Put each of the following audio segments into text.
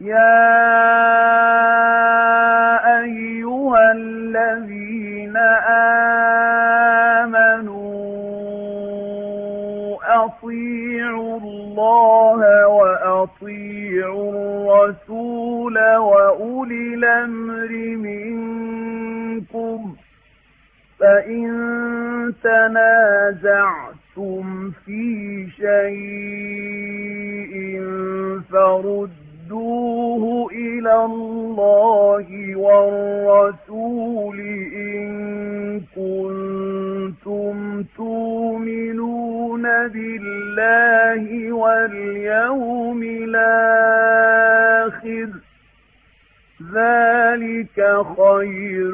يا أيها الذين آمنوا أطيعوا الله وأطيعوا الرسول وأولي الأمر منكم فإن تنازعتم في شيء فرد اللَّهِ وَالرَّسُولِ إِن كُنتُمْ تُؤْمِنُونَ بِاللَّهِ وَالْيَوْمِ الْآخِرِ ذَلِكَ خَيْرٌ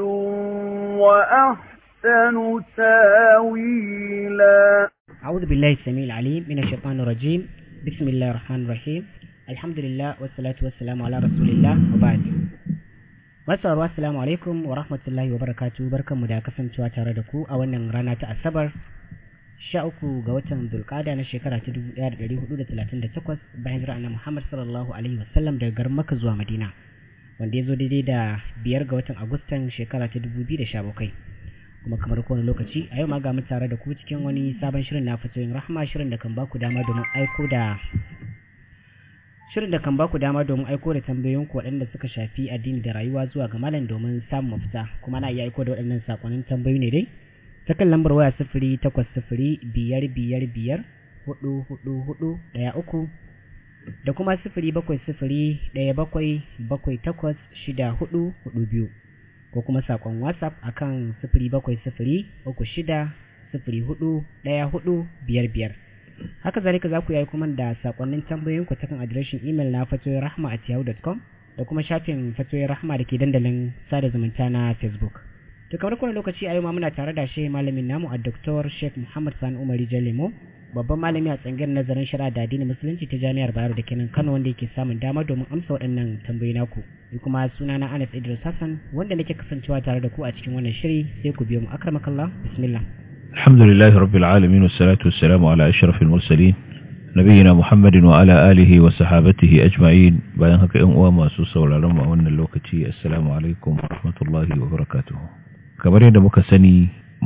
وَأَحْسَنُ تَأْوِيلًا أعوذ بالله السميع العليم من الشيطان الرجيم بسم الله الرحمن الرحيم alhamdulillah wassalatu wassalamu ala rasulillah wa ba'd masarar assalamu alaikum wa rahmatullahi wa barakatu mu da kasancewa tare da ku a wannan rana ta asabar 13 ga watan zulkada na shekara ta 1438 bayan hijira annabi Muhammad sallallahu alaihi wasallam daga garin Makka zuwa Madina wanda ya zo daidai da biyar ga watan Agustan shekara ta 2017 kuma kamar kowane lokaci a yau ma ga mu tare da ku cikin wani sabon shirin na fatoyin rahama shirin da kan ba ku dama domin aiko da shirin da kan ba ku dama domin aiko da tambayoyin ku waɗanda suka shafi addini da rayuwa zuwa ga malam domin samun mafita kuma na iya aiko da waɗannan sakonnin tambayoyi ne dai ta kan lambar waya sifiri takwas sifiri biyar biyar biyar hudu hudu hudu ɗaya uku da kuma sifiri bakwai sifiri ɗaya bakwai bakwai takwas shida hudu hudu biyu ko kuma saƙon whatsapp akan sifiri bakwai sifiri uku shida sifiri hudu ɗaya hudu biyar biyar haka zalika za ku yi kuma da sakonnin tambayoyinku ta kan adireshin imel na fatoyin rahma at com da kuma shafin fatoyin rahma da ke dandalin sada zumunta na facebook to kamar kowane lokaci a yau ma muna tare da shi malamin namu a doktor sheikh muhammad sani umari jalemo babban malami a tsangiyar nazarin shari'a da addinin musulunci ta jami'ar bayero da kenan kano wanda yake samun dama domin amsa waɗannan tambayi naku ni kuma suna na anas idris hassan wanda nake kasancewa tare da ku a cikin wannan shiri sai ku biyo mu akramakallah bismillah الحمد لله رب العالمين والصلاة والسلام على أشرف المرسلين نبينا محمد وعلى آله وصحابته أجمعين بيان هكا أموا ما سوسا والعلم وأن اللوكتي السلام عليكم ورحمة الله وبركاته كبر يد مكسني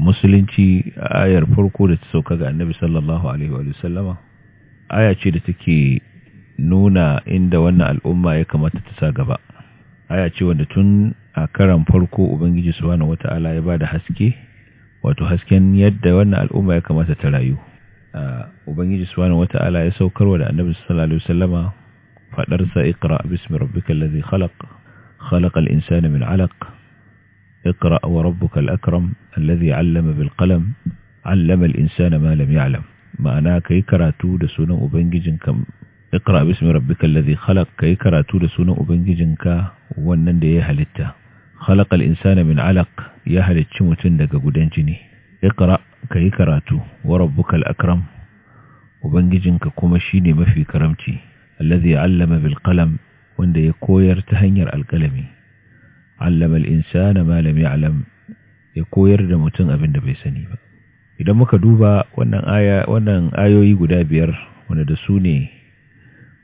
musulunci a ayar farko da ta sauka ga annabi sallallahu alaihi wa sallama aya ce da take nuna inda wannan al'umma ya kamata ta sa gaba aya ce wanda tun a karan farko ubangiji wata wataala ya bada haske wato hasken yadda wannan al'umma ya kamata ta rayu ubangiji subhanahu wata'ala ya saukarwa da annabi sallallahu alaihi wasallama fadar sa iqra bismi rabbikal ladhi khalaq khalaqal insana min 'alaq iqra wa rabbukal akram alladhi 'allama bil qalam 'allama al insana ma lam ya'lam ma'ana kai karatu da sunan ubangijin kam iqra bismi rabbikal ladhi khalaq kai karatu da sunan ubangijin ka wannan da ya halitta Khalaƙa'l insana min alaƙ ya halicci mutum daga gudan jini Ka yi karatu wa rabbukal akram ubangijinka kuma shine mafi karamci allazi allama bil qalam wanda ya koyar ta hanyar alkalami. allama insana ma ya koyar da mutum abin da bai sani ba idan muka duba wannan aya wannan ayoyi guda biyar wanda da su ne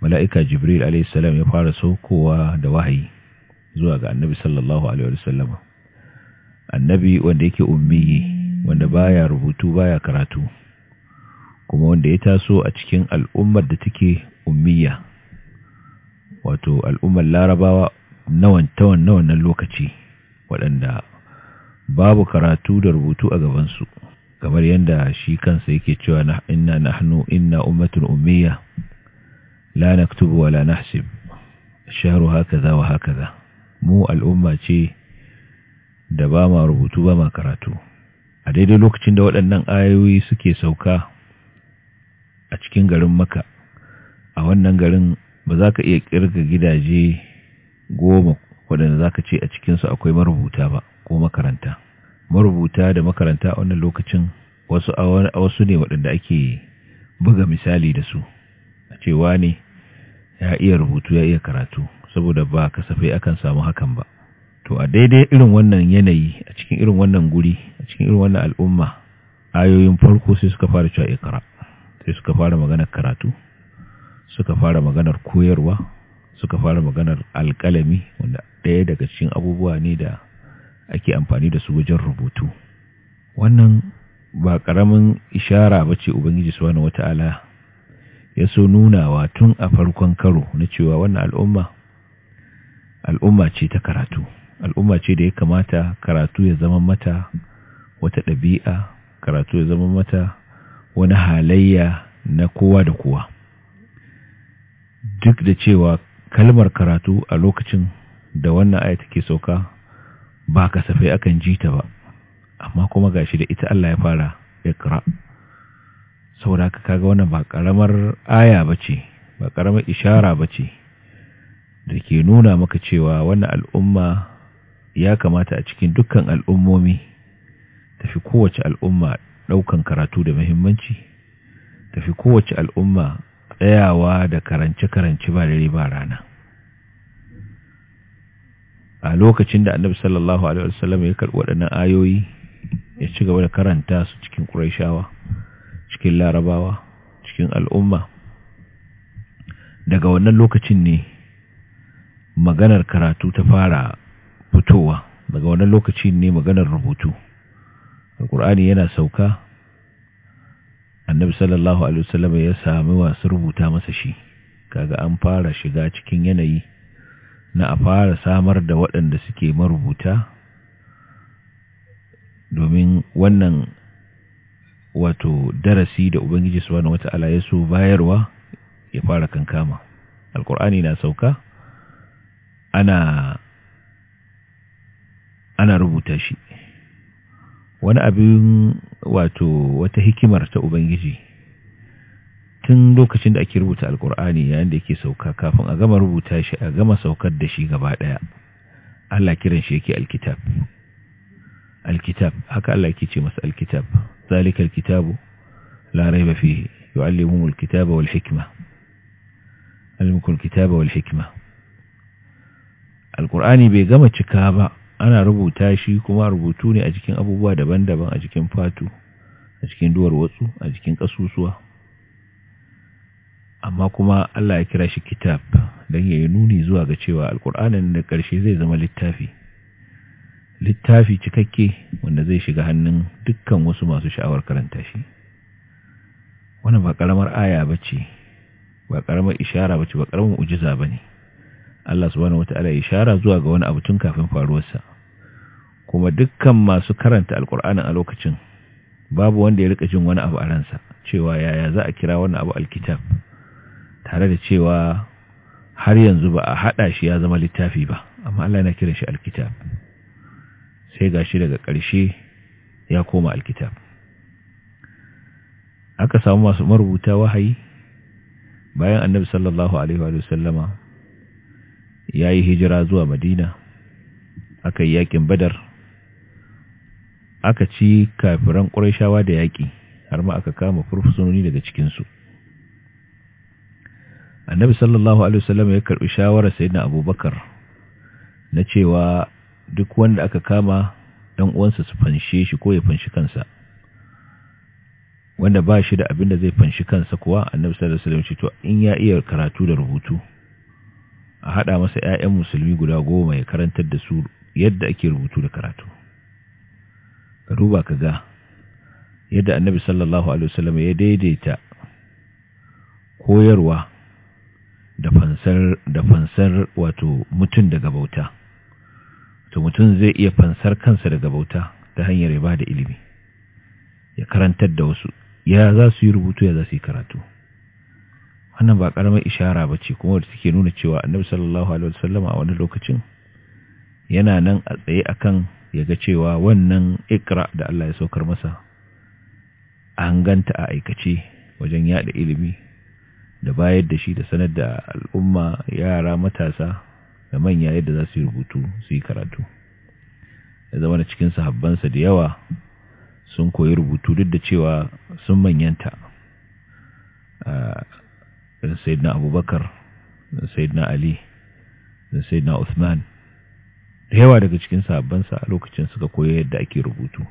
mala'ika jibril alaihissalam ya fara saukowa da wahayi zuwa ga annabi sallallahu alaihi wasallam annabi wanda yake ummi wanda baya rubutu baya karatu kuma wanda ya taso a cikin al'ummar da take ummiya wato al'ummar larabawa na ta wannan lokaci waɗanda babu karatu da rubutu a gabansu kamar yadda shi kansa yake cewa na inna nahnu inna ummatul ummiya la naktubu wa la nahsib shahru hakaza wa hakaza mu al'umma ce da ba ma rubutu ba ma karatu a daidai lokacin da waɗannan ayoyi suke sauka a cikin garin maka a wannan garin ba za ka iya ƙirga gidaje goma waɗanda za ka ce a cikinsu akwai marubuta ba ko makaranta marubuta da makaranta a wannan lokacin wasu wasu ne waɗanda ake buga misali da su a cewa ne ya iya rubutu ya iya karatu saboda ba kasafai akan samu hakan ba to a daidai irin wannan yanayi a cikin irin wannan guri a cikin irin wannan al'umma ayoyin farko sai suka fara cewa ikra sai suka fara maganar karatu suka fara maganar koyarwa suka fara maganar alƙalami wanda ɗaya daga cikin abubuwa ne da ake amfani da su wajen rubutu wannan ba ƙaramin ishara ba ce ubangiji wata ala ya so nunawa tun a farkon karo na cewa wannan al'umma al'umma ce ta karatu al'umma ce da ya kamata karatu ya zama mata wata ɗabi'a karatu ya zama mata wani halayya na kowa da kowa duk da cewa kalmar karatu a lokacin da wannan aya take sauka ba kasafai akan ji ta ba amma kuma gashi da ita Allah ya fara ikra saboda kaga wannan ba karamar aya bace ba karamar ishara bace da ke nuna maka cewa wannan al'umma ya kamata a cikin dukkan al'ummomi tafi kowace al'umma ɗaukan karatu da muhimmanci tafi kowace al'umma tsayawa da karance-karance ba dare ba rana a lokacin da annabi sallallahu alaihi wasallam ya karɓi waɗannan ayoyi ya ci gaba da karanta su cikin ƙuraishawa cikin larabawa cikin al'umma daga wannan lokacin ne maganar karatu ta fara fitowa daga wannan lokaci ne maganar rubutu alkur'ani yana sauka annabi sallallahu alaihi wasallam ya sami wasu rubuta masa shi kaga an fara shiga cikin yanayi na a fara samar da waɗanda suke marubuta domin wannan wato darasi da ubangiji subhanahu wata'ala ya so bayarwa ya fara kankama alkur'ani na sauka ana ana rubuta shi wani abin wato wata hikimar ta ubangiji tun lokacin da ake rubuta alkur'ani yayin da yake sauka kafin a gama rubuta shi a gama saukar da shi gaba daya Allah kiran shi yake alkitab alkitab haka Allah yake ce masa alkitab zalika alkitabu la raiba fihi yu'allimuhumul kitaba wal hikma alimukul kitaba wal hikma alkur'ani bai gama cika ba ana rubuta shi kuma rubutu ne a cikin abubuwa daban-daban a cikin fatu a cikin duwar watsu a cikin kasusuwa amma kuma Allah ya kira shi kitab don ya yi nuni zuwa ga cewa alkur'anin da ƙarshe zai zama littafi littafi cikakke wanda zai shiga hannun dukkan wasu masu sha'awar karanta shi wannan ba ƙaramar aya ba ce ba ƙaramar ishara ba ce ba ƙaramar ujiza ba ne Allah subhanahu wataala ya ishara zuwa ga wani abu tun kafin faruwarsa kuma dukkan masu karanta alkur'anin a lokacin babu wanda ya rika jin wani abu a ransa cewa yaya za a kira wani abu alkitab tare da cewa har yanzu ba a haɗa shi ya zama littafi ba amma Allah yana kiran shi alkitab sai gashi daga ƙarshe ya koma alkitab aka samu masu marubuta wahayi bayan annabi sallallahu alaihi wa sallama ya yi hijira zuwa madina aka yi yakin badar aka ci kafiran ƙurashawa da yaƙi har ma aka kama furfusunoni daga cikinsu annabi sallallahu alaihi wasallam ya karɓi shawarar sayyidina abubakar na cewa duk wanda aka kama ɗan uwansa su fanshe shi ko ya fanshi kansa wanda ba shi da abin da zai fanshi kansa kuwa annabi sallallahu alaihi wasallam ce to in ya iya karatu da rubutu a haɗa masa 'ya'yan musulmi guda goma ya karantar da su yadda ake rubutu da karatu ka duba ka ga yadda annabi sallallahu alaihi wasallam ya daidaita koyarwa da fansar wato mutum daga bauta to mutum zai iya fansar kansa daga bauta ta hanyar ya da ilimi ya karantar da wasu ya za su yi rubutu ya za su yi karatu wannan ba karamar ishara ba ce kuma da take nuna cewa annabi sallallahu alaihi wasallam a wani lokacin yana nan a tsaye akan ya ga cewa wannan ikra da Allah ya saukar masa an ganta a aikace wajen yada ilimi da bayar da shi da sanar da al'umma yara matasa da manya yadda za su yi rubutu su yi karatu ya zama da cikin sahabbansa da yawa sun koyi rubutu duk da cewa sun manyanta ah, irin sayyidina abubakar irin sayyidina ali irin sayyidina usman da yawa daga cikin sa a lokacin suka koyi yadda ake rubutu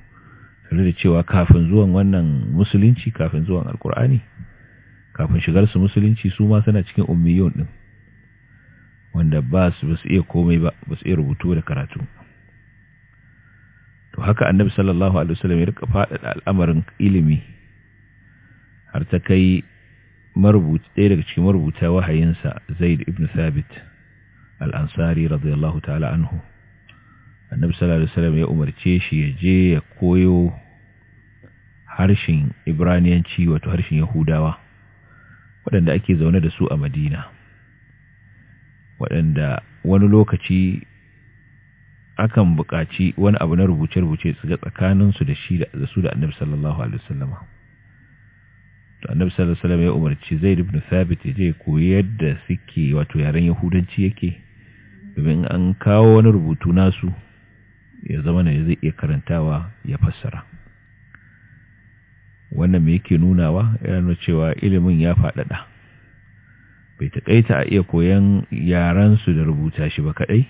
tare da cewa kafin zuwan wannan musulunci kafin zuwan alkur'ani kafin shigar su musulunci su ma suna cikin ummiyun din wanda ba su iya komai ba ba su iya rubutu da karatu to haka annabi sallallahu alaihi wasallam ya rika faɗaɗa al'amarin ilimi har ta kai ɗaya daga cikin marubuta wahayinsa zaid ibn thabit al-ansari radiyallahu ta'ala anhu annabi sallallahu alaihi ya umarce shi ya je ya koyo harshen ibraniyanci wato harshen yahudawa waɗanda ake zaune da su a madina waɗanda wani lokaci akan buƙaci wani abu na rubuce-rubuce su ga tsakaninsu da su da annabi sallallahu alaihi to annabi sallallahu alaihi wasallam ya umarci zaid ibn thabit ya je koyi yadda suke wato yaren yahudanci yake domin an kawo wani rubutu nasu ya zama ne zai iya karantawa ya fassara wannan me yake nunawa yana nuna cewa ilimin ya faɗaɗa bai taƙaita a iya koyan yaran su da rubuta shi ba kaɗai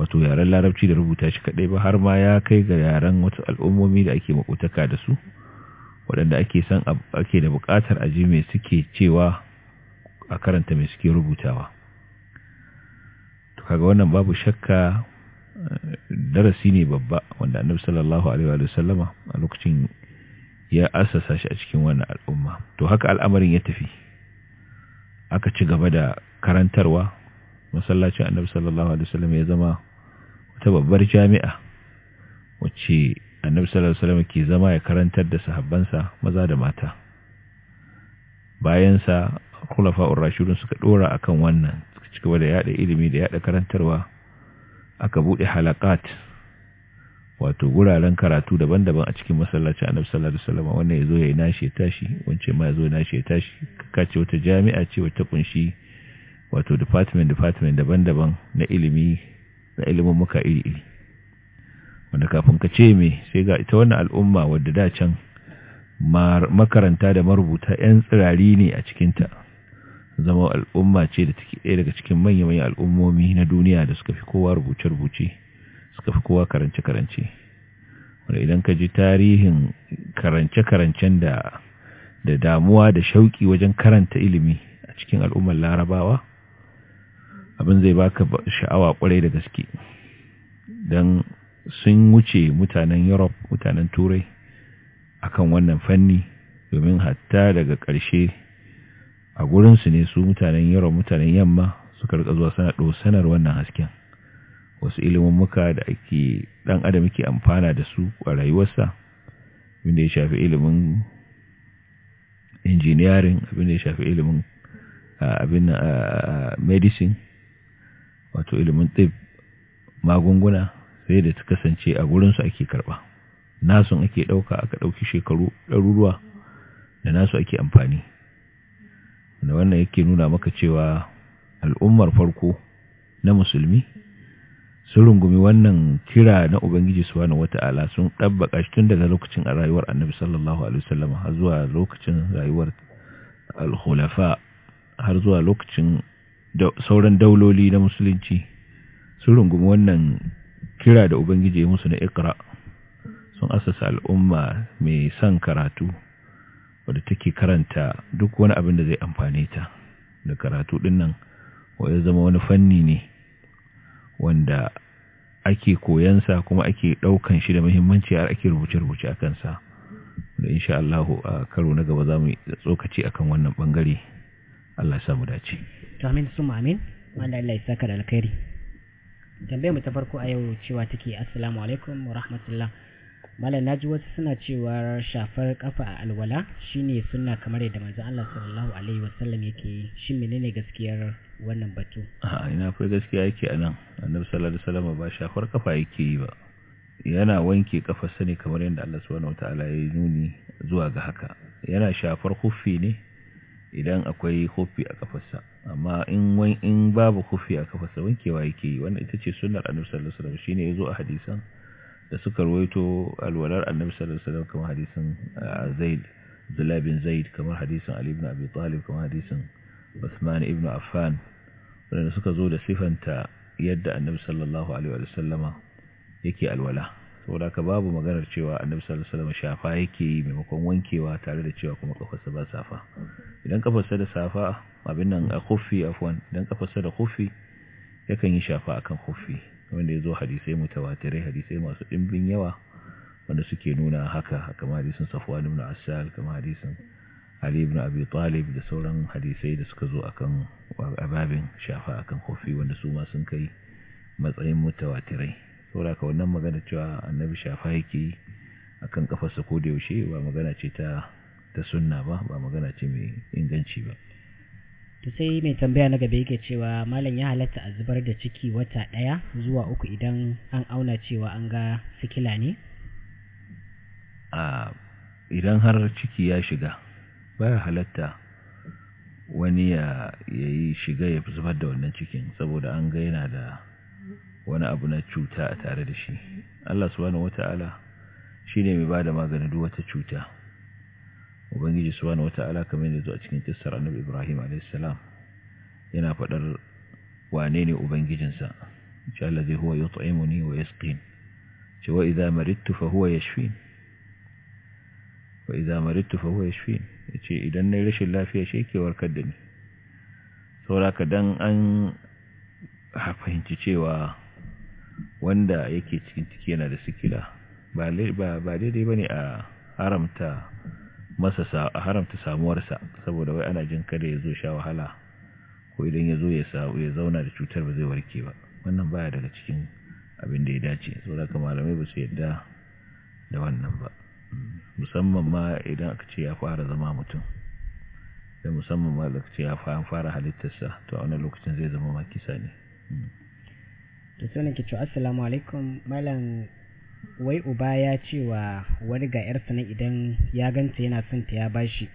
wato yaren larabci da rubuta shi kaɗai ba har ma ya kai ga yaren wata al'ummomi da ake makotaka da su waɗanda ake san ake da buƙatar aji mai suke cewa a karanta mai suke rubutawa to kaga wannan babu shakka eh, darasi ne babba wanda annabi sallallahu alaihi wa sallama a lokacin ya assasa shi a cikin wannan al'umma to haka al'amarin ya tafi aka ci gaba da karantarwa masallacin annabi sallallahu alaihi wasallam ya zama wata babbar jami'a wacce annabi sallallahu alaihi wasallam ke zama ya karantar da sahabbansa maza da mata bayan sa khulafa'ur rashidun suka dora akan wannan suka ci gaba da yada ilimi da yada karantarwa aka bude halaqat wato guraren karatu daban-daban a cikin masallacin annabi sallallahu alaihi wasallam wannan yazo yayi nashi tashi wance ma yazo nashi tashi kace wata jami'a ce wata kunshi wato department department daban-daban na ilimi na ilimin muka iri iri wanda kafin ka ce me sai ga ita wannan al'umma wadda da can makaranta da marubuta 'yan tsirari ne a cikinta zama al'umma ce da take ɗaya daga cikin manya-manyan al'ummomi na duniya da suka fi kowa rubuce-rubuce suka fi kowa karance-karance wanda idan ka ji tarihin karance-karancen da da damuwa da shauƙi wajen karanta ilimi a cikin al'ummar larabawa abin zai baka sha'awa kwarai da gaske don sun wuce mutanen Europe mutanen Turai akan wannan fanni domin hatta daga ƙarshe a gurinsu ne su mutanen Europe mutanen yamma suka rika zuwa sana sanar wannan hasken wasu ilimin muka da ake dan adam ke amfana da su a rayuwarsa abinda ya shafi ilimin engineering abinda ya shafi ilimin abin medicine wato ilimin tsib magunguna sai da ta kasance a gurinsu ake karɓa nasu ake ɗauka aka ɗauki shekaru ɗaruruwa da nasu ake amfani da wannan yake nuna maka cewa al'ummar farko na musulmi sun rungumi wannan kira na ubangiji su wata ala sun ɗabbaka shi tun daga lokacin a rayuwar annabi sallallahu alaihi wasallam har zuwa lokacin rayuwar al-khulafa har zuwa lokacin sauran dauloli na musulunci sun rungumi wannan kira da ubangiji ya musu na ikra sun asasa al'umma mai san karatu wadda take karanta duk wani abin da zai amfane ta da karatu din nan ya zama wani fanni ne wanda ake koyansa kuma ake ɗaukan shi da muhimmanci har ake rubuce-rubuce a kansa da insha Allah a karo na gaba za mu tsokaci akan wannan bangare Allah ya samu dace. Amin su amin, wanda Allah ya saka da alkhairi. tambayar mu ta farko a yau cewa take assalamu alaikum wa rahmatullah malam naji wasu suna cewa shafar kafa a alwala shine sunna kamar yadda manzon Allah sallallahu alaihi wasallam yake shin menene gaskiyar wannan batu a ina fa gaskiya yake anan annabi sallallahu alaihi wasallam ba shafar kafa yake yi ba yana wanke kafarsa ne kamar yadda Allah subhanahu wataala ya nuni zuwa ga haka yana shafar kuffi ne idan akwai kofi a kafarsa amma in wani in babu kofi a kafarsa wankewa yake yi wannan ita ce sunnar annabi sallallahu alaihi wasallam shine yazo a hadisan da suka ruwaito alwalar annabi sallallahu alaihi wasallam kamar hadisin ah, Zaid Abdullah bin Zaid kamar hadisan Ali ibn Abi Talib kamar hadisan Uthman ibn Affan wanda suka zo da sifanta yadda annabi sallallahu alaihi wasallama yake alwala saboda ka babu maganar cewa annabi sallallahu alaihi wasallam shafa yake yi maimakon wankewa tare da cewa kuma kafarsa ba safa idan kafarsa da safa abin nan a khuffi afwan idan kafarsa da khuffi yakan yi shafa akan khuffi wanda yazo hadisi mutawatirai hadisi masu dimbin yawa wanda suke nuna haka kamar hadisin Safwan ibn Asal kamar hadisin Ali ibn Abi Talib da sauran hadisai da suka zo akan ababin shafa akan kofi wanda su ma sun kai matsayin mutawatirai saboda ka wannan magana cewa annabi shafa yake yi akan kafarsa ko da yaushe ba magana ce ta ta sunna ba ba magana ce mai inganci ba to sai mai tambaya na gaba yake cewa malam ya halatta a zubar da ciki wata ɗaya zuwa uku idan an auna cewa an ga sikila ne idan har ciki ya shiga baya halatta wani ya yi shiga ya zubar da wannan cikin saboda an ga yana da wani abu na cuta a tare da shi Allah subhanahu wata'ala ne mai ba da maganin duk wata cuta ubangiji subhanahu wata'ala kamar yadda zuwa cikin kissar annabi Ibrahim alayhis yana faɗar, wane ne ubangijinsa insha Allah zai huwa yut'imuni wa yasqin cewa idza maridtu fa huwa yashfin wa idza maridtu fa huwa ya yace idan nayi rashin lafiya shi ke warkar da ni saboda dan an fahimci cewa wanda yake cikin ciki yana da sikila ba daidai ba ne a haramta masa a haramta samuwarsa saboda wai ana jin kada ya zo sha wahala ko idan ya zo ya zauna da cutar ba zai warke ba wannan baya daga cikin abin da ya dace saboda ka malamai ba su yadda da wannan ba musamman ma idan aka ce ya fara zama mutum da musamman ma da aka ce ya fara halittarsa to a wani lokacin zai zama makisa ne to sai nake cewa assalamu alaikum malam wai uba ya ce wa wani ga yarsa nan idan ya ganta yana son ta ya bashi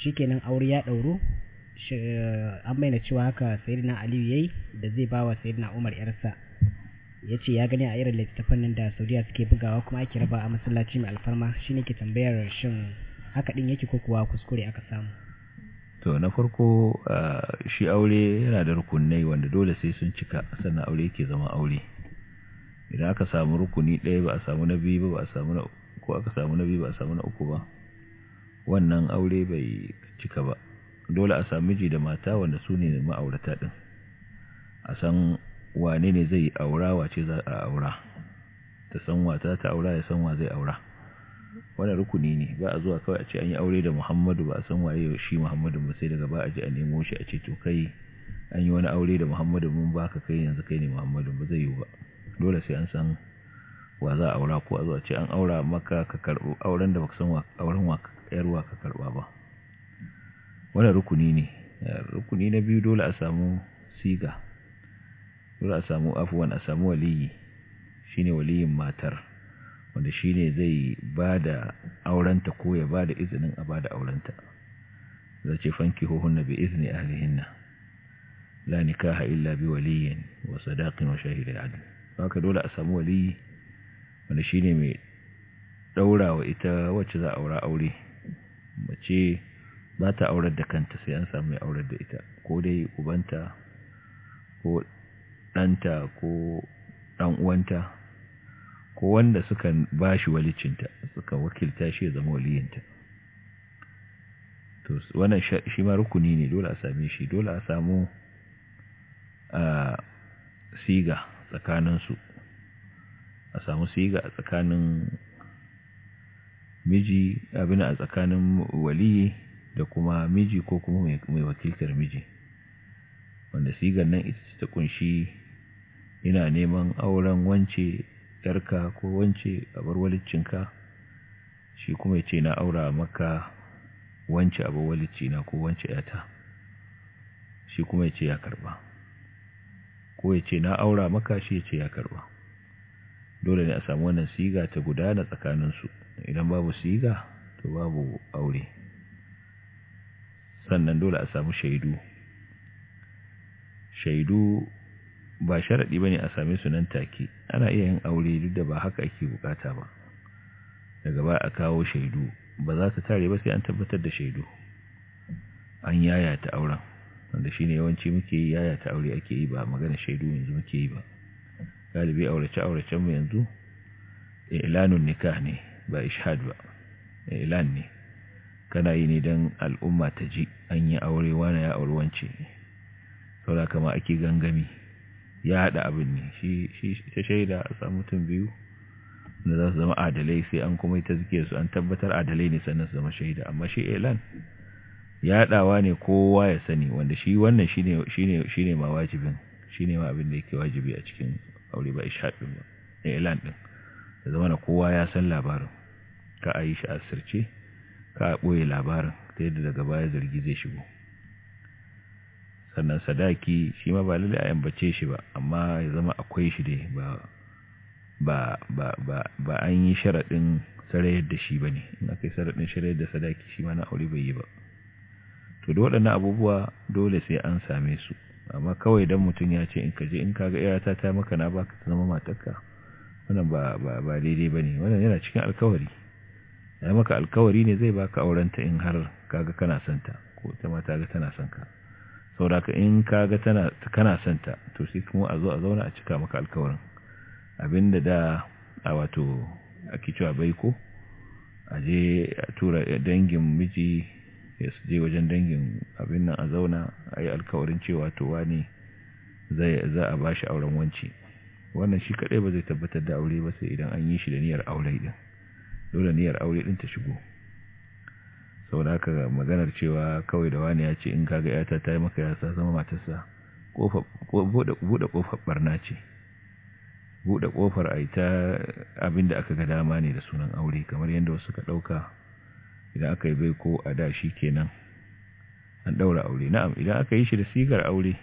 shikenan aure ya ɗauro eh, an bayyana cewa haka sayyidina aliyu yayi da zai ba wa sayyidina umar yarsa ya ce ya gani a irin littattafan nan da saudiya suke bugawa kuma ake raba a masallaci mai alfarma shine ke tambayar shin haka din yake ko kuwa kuskure aka samu To na farko shi aure yana da rukunai wanda dole sai sun cika sannan aure yake zama aure. Idan aka samu rukuni ɗaya ba a samu na biyu ba ba a samu na ko aka samu na biyu ba a samu na uku ba wannan aure bai cika ba. Dole a samu miji da mata wanda su ne ma'aurata ɗin. A san wane ne zai aura wace za a aura. Ta san wata ta aura ya san wa zai aura. wani rukuni ne ba a zuwa kawai a ce an yi aure da Muhammadu ba a san waye shi Muhammadu ba sai daga ba a ji a nemo shi a ce to kai an yi wani aure da Muhammadu mun baka kai yanzu kai ne Muhammadu ba zai yi ba dole sai an san wa za a aura ko a zuwa ce an aura maka ka karɓo auren da baka san auren wa wa ka karba ba wani rukuni ne rukuni na biyu dole a samu siga dole a samu afuwan a samu waliyi shine waliyin matar wanda shi ne zai ba da aurenta ko ya ba da izinin a ba da aurenta za ce fanki na bi izini a ahlihinna la nikaha illa bi waliyin wa sadaqin wa shahidin adl ka dole a samu waliyi wanda shi ne mai daura wa ita wacce za a aura aure mace ba ta aurar da kanta sai an samu mai aurar da ita ko dai ubanta ko ɗanta ko ɗan uwanta ko wanda suka ba shi walicinta suka wakilta shi ya zama waliyinta to wannan shi ma rukuni ne dole a same shi dole a samu a siga tsakaninsu a samu siga a tsakanin miji abin a tsakanin waliyi da kuma miji ko kuma mai wakiltar miji wanda sigar nan ita ta kunshi ina neman auren wance yarka ko wance a bar walicinka shi kuma ya ce na aura maka wance a bar walicina ko wance yata shi kuma ya ce ya karba ko ya ce na aura maka shi ya ce ya karba dole ne a samu wannan siga ta gudana tsakaninsu idan babu siga to babu aure sannan dole a samu shaidu shaidu ba sharaɗi ba ne a same su nan take ana iya yin aure duk da ba haka ake bukata ba daga ba a kawo shaidu ba za ta tare ba sai an tabbatar da shaidu an yaya ta auren wanda shine yawanci muke yi yaya ta aure ake yi ba magana shaidu yanzu muke yi ba galibi aurace auracen mu yanzu ilanun nikah ne ba ishad ba ilan ne kana yi ne dan al'umma ta ji an yi aure wani ya aure wance saboda kama ake gangami ya haɗa abin ne shi ta shaida a mutum biyu da za su zama adalai sai an kuma yi ta su an tabbatar adalai ne sannan su zama shaida amma shi elan ya haɗawa ne kowa ya sani wanda shi wannan shi ne ma wajibin shi ne ma abin da yake wajibi a cikin aure ba ishaɗin ba elan ɗin da zama na kowa ya san labarin ka a yi shi a sirce ka a ɓoye labarin ta yadda daga baya zargi zai shigo sannan sadaki shi ma ba lalle a yambace shi ba amma ya zama akwai shi dai ba ba ba ba ba an yi sharaɗin sarayar da shi ba ne na yi sharaɗin sarayar da sadaki shi ma na aure bai yi ba to da waɗannan abubuwa dole sai an same su amma kawai don mutum ya ce in ka je in ka ga iyata ta maka na ba ta zama matarka wannan ba ba ba daidai ba ne wannan yana cikin alkawari ya maka alkawari ne zai baka ta in har kaga kana santa ko ta mata ga tana son ka sauraka in kaga tana kana santa to sai kuma a zo a zauna a cika maka alkawarin abinda da a wato ake bai baiko a je a tura dangin miji ya je wajen dangin abin nan a zauna a yi alkawarin cewa to wani zai za a bashi auren wanci wannan shi kadai ba zai tabbatar da aure ba sai idan an yi shi da niyyar aure din dole niyyar aure din ta shigo saboda haka maganar cewa kawai da wani ya ce in kaga yata ta yi maka yasa zama matarsa buɗe ƙofar barna ce buɗe ƙofar a ita abinda aka ga dama ne da sunan aure kamar yadda wasu ka ɗauka idan aka yi bai ko a da shi kenan an ɗaura aure na'am idan aka yi shi da sigar aure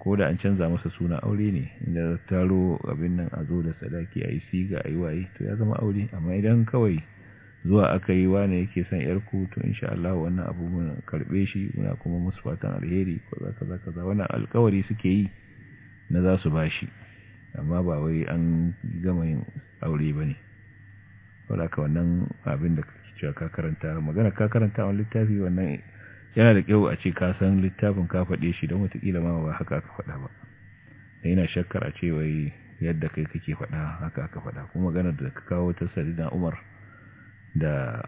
ko da an canza masa sunan aure ne inda taro abin nan a zo da sadaki a yi siga a yi waye to ya zama aure amma idan kawai zuwa aka yi wane yake son yarku to insha Allah wannan abu muna karbe shi muna kuma musu fatan alheri ko za kaza kaza wannan alƙawari suke yi na za su bashi amma ba wai an gama yin aure bane wala ka wannan abin da kake cewa ka karanta magana ka karanta wani littafi wannan yana da kyau a ce ka san littafin ka faɗe shi don watakila ma ba haka ka faɗa ba da yana shakkar a ce wai yadda kai kake faɗa haka ka faɗa kuma maganar da ka kawo ta sarina umar da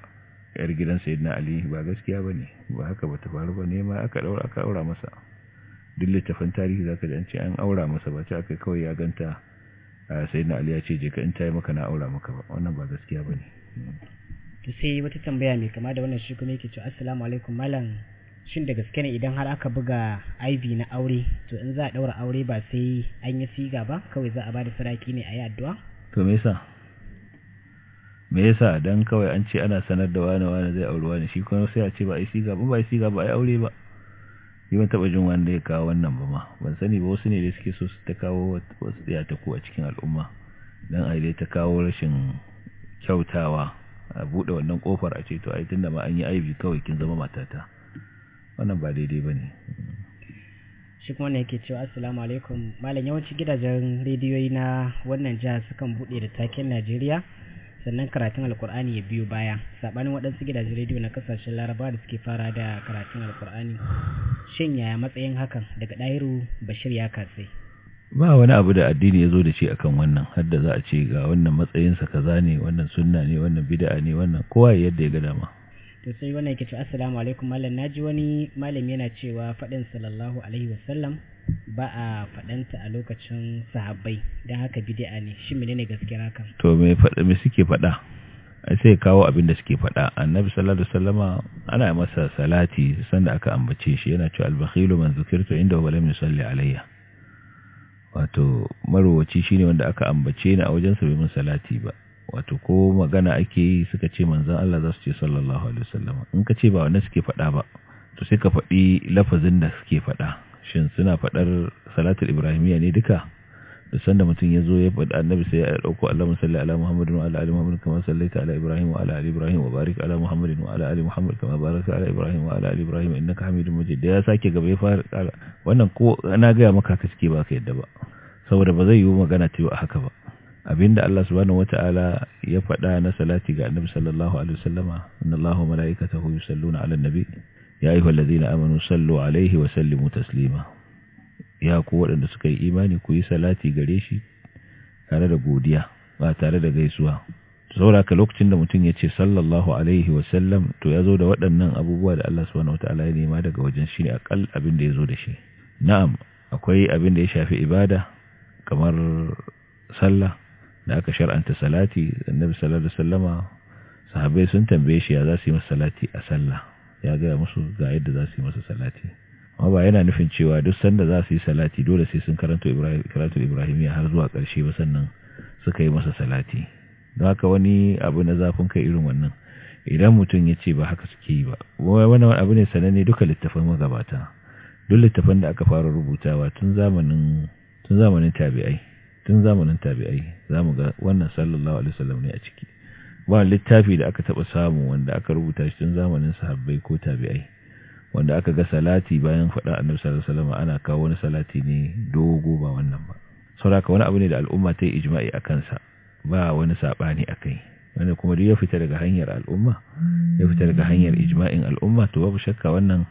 yar gidan sayyidina ali ba gaskiya bane ba haka bata faru ba ne ma aka daura aura masa duk littafin tarihi zaka ji an ce an aura masa ba ce aka kawai ya ganta sayyidina ali ya ce je ka in tayi maka na aura maka ba wannan ba gaskiya bane to sai wata tambaya mai kama da wannan shi kuma yake cewa assalamu alaikum malam shin da gaske ne idan har aka buga IV na aure to in za a daura aure ba sai an yi siga ba kawai za a ba da sadaki ne a yi addu'a to me yasa me yasa dan kawai an ce ana sanar da wani wani zai auri wani shi kuma sai a ce ba ai siga ba ba ai siga ba ai aure ba ni ban taba jin wanda ya kawo wannan ba ma ban sani ba wasu ne da suke so su ta kawo wasu ya ta ku a cikin al'umma dan ai dai ta kawo rashin kyautawa a bude wannan kofar a ce to ai tunda ma an yi aibi kawai kin zama matata wannan ba daidai bane shi kuma ne yake cewa assalamu alaikum malam yawanci gidajen rediyoyi na wannan jihar sukan bude da taken Najeriya sannan karatun alkur'ani ya biyo baya sabanin waɗansu gidajen rediyo na kasashen laraba da suke fara da karatun alkur'ani shin yaya matsayin hakan daga ɗahiru bashir ya katse ba wani abu da addini ya zo da shi akan wannan har da za a ce ga wannan matsayinsa kaza ne wannan sunna ne wannan bida'a ne wannan kowa yadda ya ga dama to sai wannan yake ce assalamu alaikum mallam naji wani malami yana cewa faɗin sallallahu alaihi wasallam ba a faɗanta a lokacin sahabbai don haka bid'a ne shi ne gaskiyar haka to me faɗa me suke faɗa sai kawo abin da suke faɗa annabi sallallahu alaihi wasallama ana masa salati sanda aka ambace shi yana cewa al-bakhilu man zukirtu inda wala min salli alayya wato marwaci shine wanda aka ambace ni a wajen sa bai mun salati ba wato ko magana ake yi suka ce manzon Allah zasu su ce sallallahu alaihi wasallama in ka ce ba wannan suke faɗa ba to sai ka faɗi lafazin da suke faɗa shin suna faɗar salatul ibrahimiyya ne duka da sanda mutum ya zo ya faɗi annabi sai ya dauko Allahumma salli ala Muhammadin wa ala ali Muhammad kama sallaita ala Ibrahim wa ala ali Ibrahim wa barik ala Muhammadin wa ala ali Muhammad kama baraka ala Ibrahim wa ala ali Ibrahim innaka Hamidum Majid da ya sake gaba ya fara ƙara wannan ko na ga maka haka cike ba ka yadda ba saboda ba zai yi magana ta yi a haka ba abinda Allah subhanahu wata'ala ya faɗa na salati ga annabi sallallahu alaihi wasallama inna Allahu malaikatahu yusalluna ala nabi ya yi hulazi na amanu sallu alaihi wa sallimu taslima ya ku waɗanda suka yi imani ku yi salati gare shi tare da godiya ba tare da gaisuwa sauraka lokacin da mutum ya ce sallallahu alaihi wa sallam to ya zo da waɗannan abubuwa da Allah subhanahu wataala ya nema daga wajen shi ne akal abin da ya zo da shi na'am akwai abin da ya shafi ibada kamar sallah da aka shar'anta salati annabi sallallahu alaihi sallama. sahabbai sun tambaye shi ya za su yi masa salati a sallah ya gaya musu ga yadda za su yi masa salati amma ba yana nufin cewa duk sanda za su yi salati dole sai sun karanta karatu ya har zuwa karshe ba sannan suka yi masa salati don haka wani abu na zafin kai irin wannan idan mutum ya ce ba haka suke yi ba wani abu ne sananne duka littafan magabata duk littafan da aka fara rubutawa tun zamanin tun zamanin tabi'ai tun zamanin tabi'ai zamu ga wannan sallallahu alaihi wasallam ne a ciki ba littafi da aka taba samu wanda aka rubuta shi tun zamanin sahabbai ko tabi'ai wanda aka ga salati bayan faɗa annabi sallallahu alaihi wasallam ana kawo wani salati ne dogo ba wannan ba saboda wani abu ne da al'umma ta yi ijma'i a kansa ba wani sabani akai wanda kuma duk ya fita daga hanyar al'umma ya fita daga hanyar ijma'in al'umma to babu shakka wannan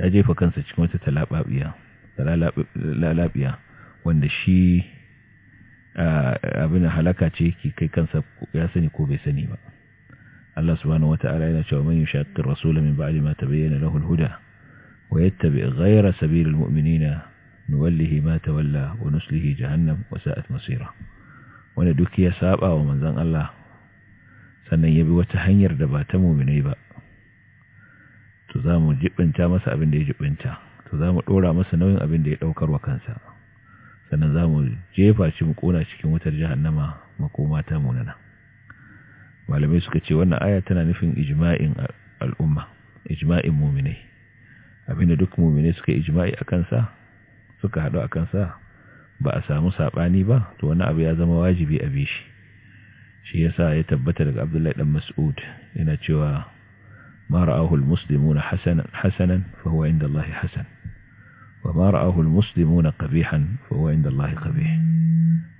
ya jefa kansa cikin wata talababiya talalabiya wanda shi abin halaka ce ki kai kansa ya sani ko bai sani ba Allah subhanahu wata'ala yana cewa man yushaqqir rasula min ba'di ma tabayyana lahu al-huda wa yattabi' ghayra sabilil mu'minina nuwallihi ma tawalla wa nuslihi jahannam wa sa'at masira wanda duk ya saba wa manzon Allah sannan ya bi wata hanyar da ba ta mu'minai ba to mu jibinta masa abin da ya jibinta to zamu dora masa nauyin abin da ya daukar wa kansa sannan za mu jefa shi mu kona cikin wutar jahannama makoma ta munana malamai suka ce wannan aya tana nufin ijma'in al'umma ijma'in mu'minai abinda duk mu'minai suka ijma'i a kansa, suka haɗu akan sa ba a samu saɓani ba to wani abu ya zama wajibi a bi shi shi yasa ya tabbata daga Abdullahi Ɗan Mas'ud yana cewa ma ra'ahu al-muslimuna hasanan fa huwa inda hasan وما رآه المسلمون قبيحا فهو عند الله قبيح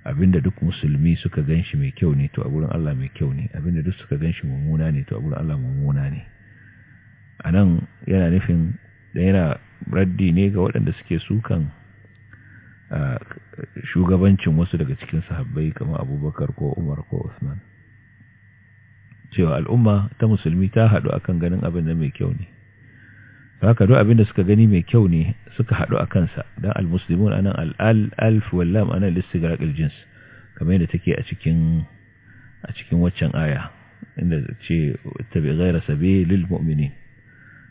abinda duk musulmi suka ganshi mai kyau ne to a gurin Allah mai kyau ne abinda duk suka ganshi mummuna ne to a gurin Allah mummuna ne anan yana nufin da yana raddi ne ga waɗanda suke sukan shugabancin wasu daga cikin sahabbai kamar Abubakar ko Umar ko Usman cewa al'umma ta musulmi ta haɗu akan ganin abin da mai kyau ne haka duk da suka gani mai kyau ne suka haɗu a kansa don almuslimun anan al al-alf wallam anan listigar jins kamar yadda take a cikin a cikin waccan aya inda ce tabi ghaira sabi lil mu'minin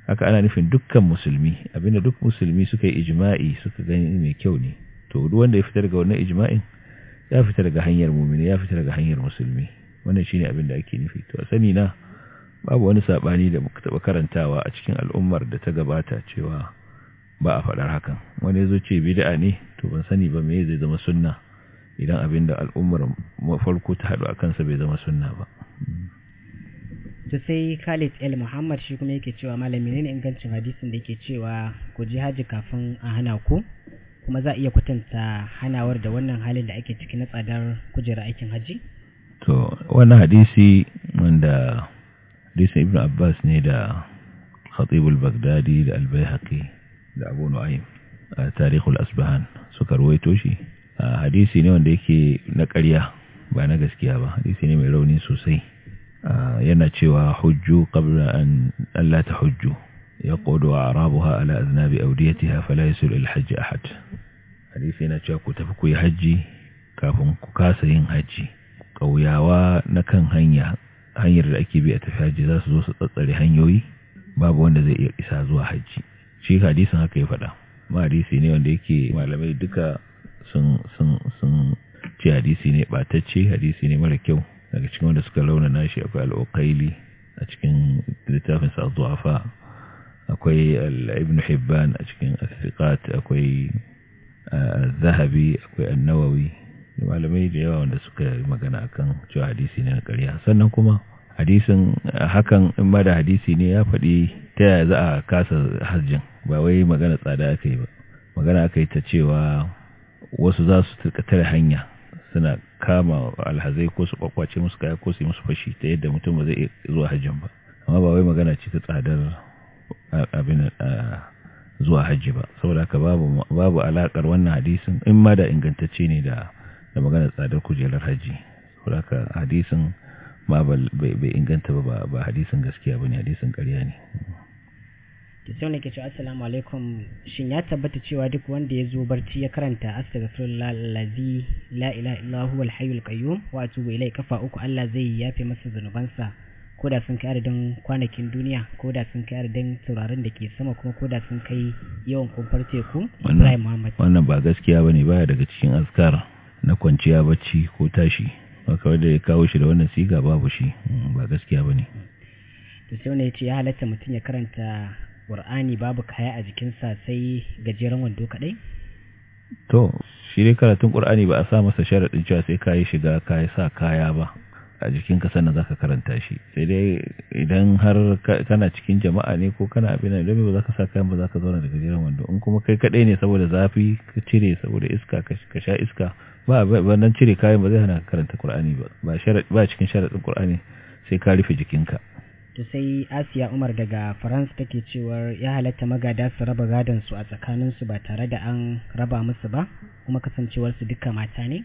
haka ana nufin dukkan musulmi abinda duk musulmi suka yi ijma'i suka gani mai kyau ne to duk wanda ya fitar ga wannan ijma'in ya fitar ga hanyar mu'mini ya fitar ga hanyar musulmi wannan shine abinda ake nufi to sani na babu wani sabani da muka taba karantawa a cikin al'ummar da ta gabata cewa ba a faɗar hakan wani yazo ce bid'a ne to ban sani ba me zai zama sunna idan abin da al'ummar farko ta haɗu a kansa bai zama sunna ba to sai Khalid El Muhammad shi kuma yake cewa malami ne ingancin hadisin da yake cewa ku ji haji kafin a hana ku kuma za a iya kwatanta hanawar da wannan halin da ake ciki na tsadar kujerar aikin haji to wannan hadisi wanda hadisin ibn abbas ne da khatibul bagdadi da albayhaqi da abu a tarihul asbahan suka ruwaito shi hadisi ne wanda yake na karya, ba na gaskiya ba hadisi ne mai rauni sosai yana cewa hujju qabla an Allah ta hujju يقود أعرابها على أذناب أوديتها فلا يسل tafi kuyi haji kafin ku kasa yin كاسين حجي na kan hanya hanyar da ake bi a tafi haji za su zo su tsatsare hanyoyi babu wanda zai iya isa zuwa haji. shi hadisin haka ya faɗa ma hadisi ne wanda yake malamai duka sun sun sun ce hadisi ne batacce hadisi ne mara kyau daga cikin wanda suka launa nashi akwai alokaili a cikin littafin sa zuwafa akwai al'ibn hibban a cikin as akwai eh, zahabi akwai annawawi malamai da yawa wanda suka yi magana kan cewa hadisi ne na ƙarya sannan kuma hadisin hakan in ma da hadisi ne ya faɗi ta yaya za a kasa hajjin ba wai magana tsada aka yi ba magana aka yi ta cewa wasu za su tare hanya suna kama alhazai ko su kwakwace musu kaya ko su yi musu fashi ta yadda mutum ba zai iya zuwa hajjin ba amma ba wai magana ce ta tsadar abin zuwa hajji ba saboda haka babu alakar wannan hadisin in ma da ingantacce ne da da magana tsadar kujerar haji saboda hadisin ba bai inganta ba ba hadisin gaskiya bane hadisin ƙarya ne ta sauna ke cewa assalamu alaikum shin ya tabbata cewa duk wanda ya zo barci ya karanta astaghfirullah allazi la ilaha illa huwal hayyul qayyum wa atubu ilai kafa uku Allah zai yafe masa zanubansa ko da sun kai adadin kwanakin duniya ko da sun kai adadin sauraron da ke sama kuma ko da sun kai yawan kumfar teku Ibrahim Muhammad wannan ba gaskiya bane baya daga cikin azkara na kwanciya bacci ko tashi baka wadda ya kawo shi da wannan siga babu shi mm, ba gaskiya ba ne da sai wani ya ce ya halatta mutum ya karanta ƙur'ani babu kaya a jikinsa sai gajeren wando kaɗai to shi dai karatun ƙur'ani ba a sa masa sharaɗin cewa sai ka yi shiga ka sa kaya ba a jikinka sannan zaka karanta shi sai dai idan har kana cikin jama'a ne ko kana abin da ba za ka sa kayan ba za ka zauna da gajeren wando in kuma kai kadai ne saboda zafi ka cire saboda iska ka sha iska ba nan cire kayan ba zai hana ka karanta qur'ani ba ba cikin sharaɗin qur'ani sai ka rufe jikinka to sai asiya umar daga france take cewa ya halatta magada su raba gadon su a tsakanin su ba tare da an raba musu ba kuma kasancewarsu duka mata ne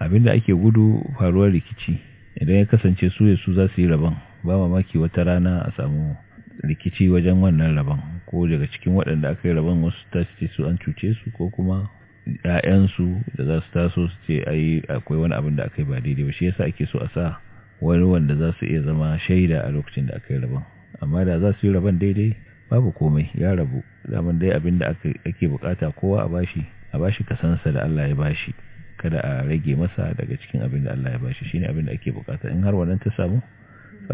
abinda ake gudu faruwar rikici idan ya kasance su ya su za su yi rabon ba mamaki wata rana a samu rikici wajen wannan rabon ko daga cikin waɗanda aka yi rabon wasu ta ce su an cuce su ko kuma ‘ya'yansu da za su taso su ce ai akwai wani abin da aka yi ba daidai ba shi yasa ake so a sa wani wanda za su iya zama shaida a lokacin da aka yi rabon amma da za su yi rabon daidai babu komai ya rabu zaman dai abin da ake bukata kowa a bashi a bashi kasansa da Allah ya bashi kada a rage masa daga cikin abin da Allah ya bashi shine abin da ake bukata in har wannan ta samu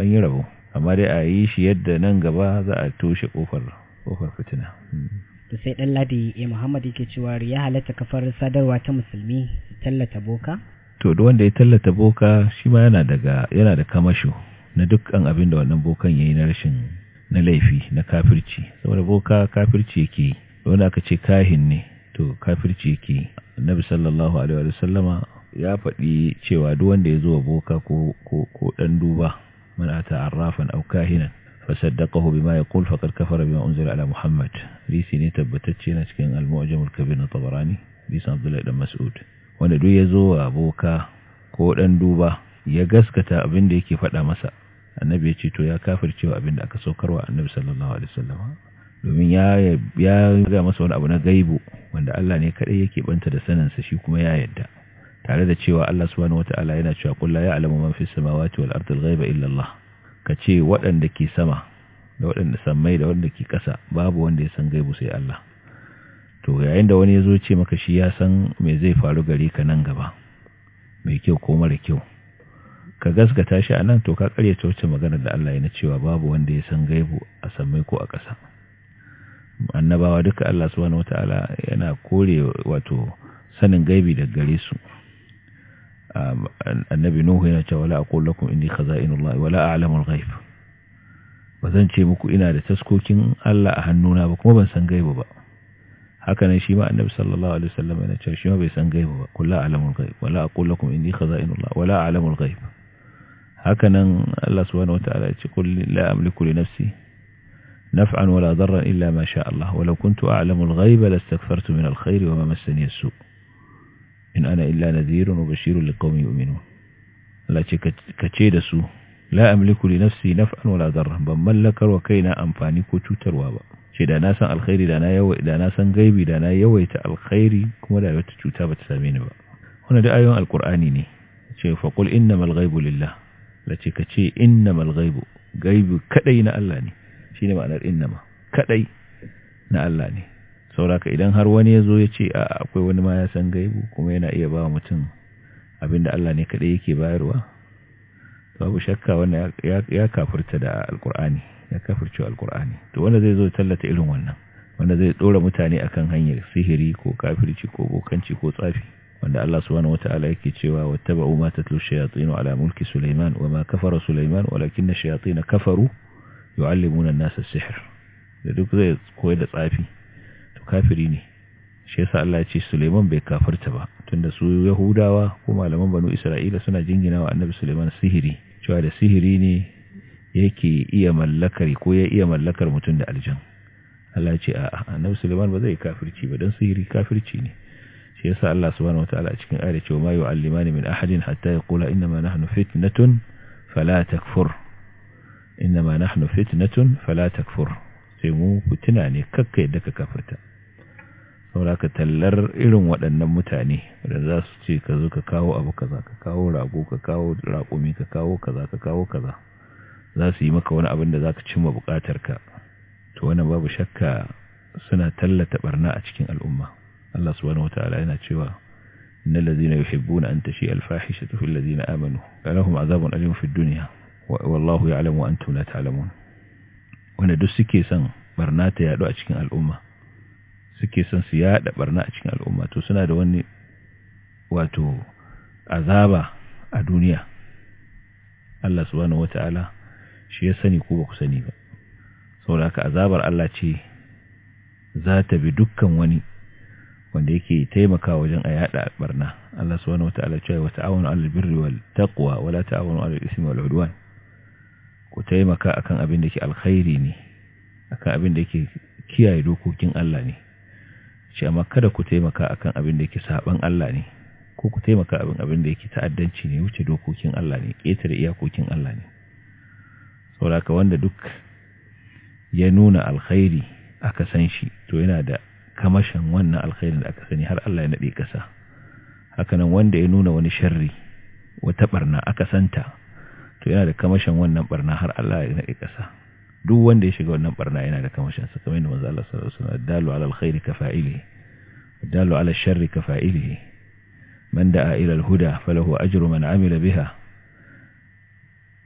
an yi rabo amma dai a yi shi yadda nan gaba za a toshe kofar kofar fitina to sai dan ladi ya Muhammad yake cewa ya halatta kafar sadarwa ta musulmi tallata boka to duk wanda ya tallata boka shi ma yana daga yana da kamasho na dukkan abin da wannan bokan yayi na rashin na laifi na kafirci saboda boka kafirci yake wanda aka ce kahin ne to kafirci yake annabi sallallahu alaihi wa sallama ya faɗi cewa duk wanda ya zo wa boka ko ko dan duba mana ta arrafan aw kahinan fasaddaqahu bima yaqul faqad kafara bima unzila ala muhammad risi ne tabbatacce na cikin al-mu'jam al-kabir na tabarani bisa abdullahi dan mas'ud wanda duk ya zo wa boka ko dan duba ya gaskata abin da yake faɗa masa annabi ya ce to ya kafircewa abin da aka saukarwa annabi sallallahu alaihi sallama. domin ya yaga masa wani abu na gaibu wanda Allah ne kaɗai yake banta da saninsa shi kuma ya yadda tare da cewa Allah subhanahu wata'ala yana cewa qul la ya'lamu man fis samawati wal ardi al-ghaiba illa Allah kace waɗanda ke sama da waɗanda sammai da waɗanda ke ƙasa babu wanda ya san gaibu sai Allah to yayin da wani yazo ce maka shi ya san me zai faru gare ka nan gaba mai kyau ko mara kyau ka gasgata shi anan to ka ta wacce maganar da Allah ya na cewa babu wanda ya san gaibu a sammai ko a ƙasa annabawa duka Allah subhanahu wataala yana kore wato sanin gaibi da gare su um, annabi nuhu yana cewa la aqul lakum inni khaza'inullah wala la a'lamu al-ghaib bazan ce muku ina da taskokin Allah a hannuna ba kuma ban san gaibi ba haka nan shi ma annabi sallallahu alaihi wasallam yana cewa shi ma bai san gaibi ba kullu a'lamu al-ghaib Wala la aqul lakum inni khaza'inullah wa la a'lamu al-ghaib haka nan Allah subhanahu wataala ya ce qul la amliku li nafsi نفعا ولا ضرا إلا ما شاء الله ولو كنت أعلم الغيب لاستكثرت من الخير وما مسني السوء إن أنا إلا نذير وبشير لقوم يؤمنون لا كتيد سوء لا أملك لنفسي نفعا ولا ضرا بل ملك وكينا أنفانك تتر وابا شيدا ناسا الخير دانا يو إذا ناسا غيب دانا يويت الخير كما لا يتجوتا بتسامين با هنا دي آيون القرآنين فقل إنما الغيب لله التي إنما الغيب غيب كدين ألاني shine ma'anar innama kadai na Allah ne sauraka idan har wani yazo zo ya ce a akwai wani ma ya san gaibu kuma yana iya ba mutum abin da Allah ne kadai yake bayarwa babu shakka wannan ya kafirta da alkur'ani ya kafirce alkur'ani to wanda zai zo tallata irin wannan wanda zai dora mutane akan hanyar sihiri ko kafirci ko bokanci ko tsafi wanda Allah subhanahu wata'ala yake cewa wattaba'u ma tatlu shayatin ala mulki sulaiman wama kafara sulaiman walakinna shayatin kafaru yu'allimuna an-nasa sihr da duk zai koyar da tsafi to kafiri ne shi yasa Allah ya ce Suleiman bai kafirta ba tunda su Yahudawa ko malaman banu Isra'ila suna jingina wa Annabi Suleiman sihiri cewa da sihiri ne yake iya mallakar ko ya iya mallakar mutum da aljan Allah ya ce a Annabi Suleiman ba zai kafirci ba dan sihiri kafirci ne shi yasa Allah subhanahu wataala cikin ayar cewa ma yu'allimani min ahadin hatta yaqula inna ma nahnu fitnatun fala takfur innama nahnu fitnatun fala takfur sai mu fitina ne kakka yadda ka kafirta saura ka tallar irin waɗannan mutane da za su ce ka zo ka kawo abu kaza ka kawo rago ka kawo raƙumi ka kawo kaza ka kawo kaza za su yi maka wani abin da za ka cimma buƙatarka to wannan babu shakka suna tallata ɓarna a cikin al'umma Allah subhanahu wataala yana cewa innal ladzina yuhibbuna an tashi al-fahishatu fil ladzina amanu lahum azabun alim fid dunya wallahu ya'lamu wa antum ta ta'lamun wanda duk suke son barna ta yadu a cikin al'umma suke son su yada barna a cikin al'umma to suna da wani wato azaba a duniya Allah subhanahu wata'ala shi ya sani ko ba ku sani ba saboda haka azabar Allah ce za ta bi dukkan wani wanda yake taimaka wajen a yada barna Allah subhanahu wataala ce wa ta'awunu 'alal birri wal taqwa wa la ta'awunu 'alal ismi wal 'udwan ku taimaka akan abin da ke alkhairi ne akan abin da ke kiyaye dokokin Allah ne shi amma kada ku taimaka akan abin da ke saban Allah ne ko ku taimaka abin abin da yake ta'addanci ne wuce dokokin Allah ne ƙetare iyakokin Allah ne sauraka wanda duk ya nuna alkhairi aka san shi to yana da kamashin wannan alkhairin da aka sani har Allah ya nade kasa hakanan wanda ya nuna wani sharri wata barna aka santa to yana da kamashin wannan barna har Allah ya nade kasa duk wanda ya shiga wannan barna yana da kamashin sa kamar yadda manzo Allah sallallahu alaihi wasallam dalu ala alkhair ka fa'ili dalu ala sharri ka fa'ili man da'a ila alhuda falahu ajru man amila biha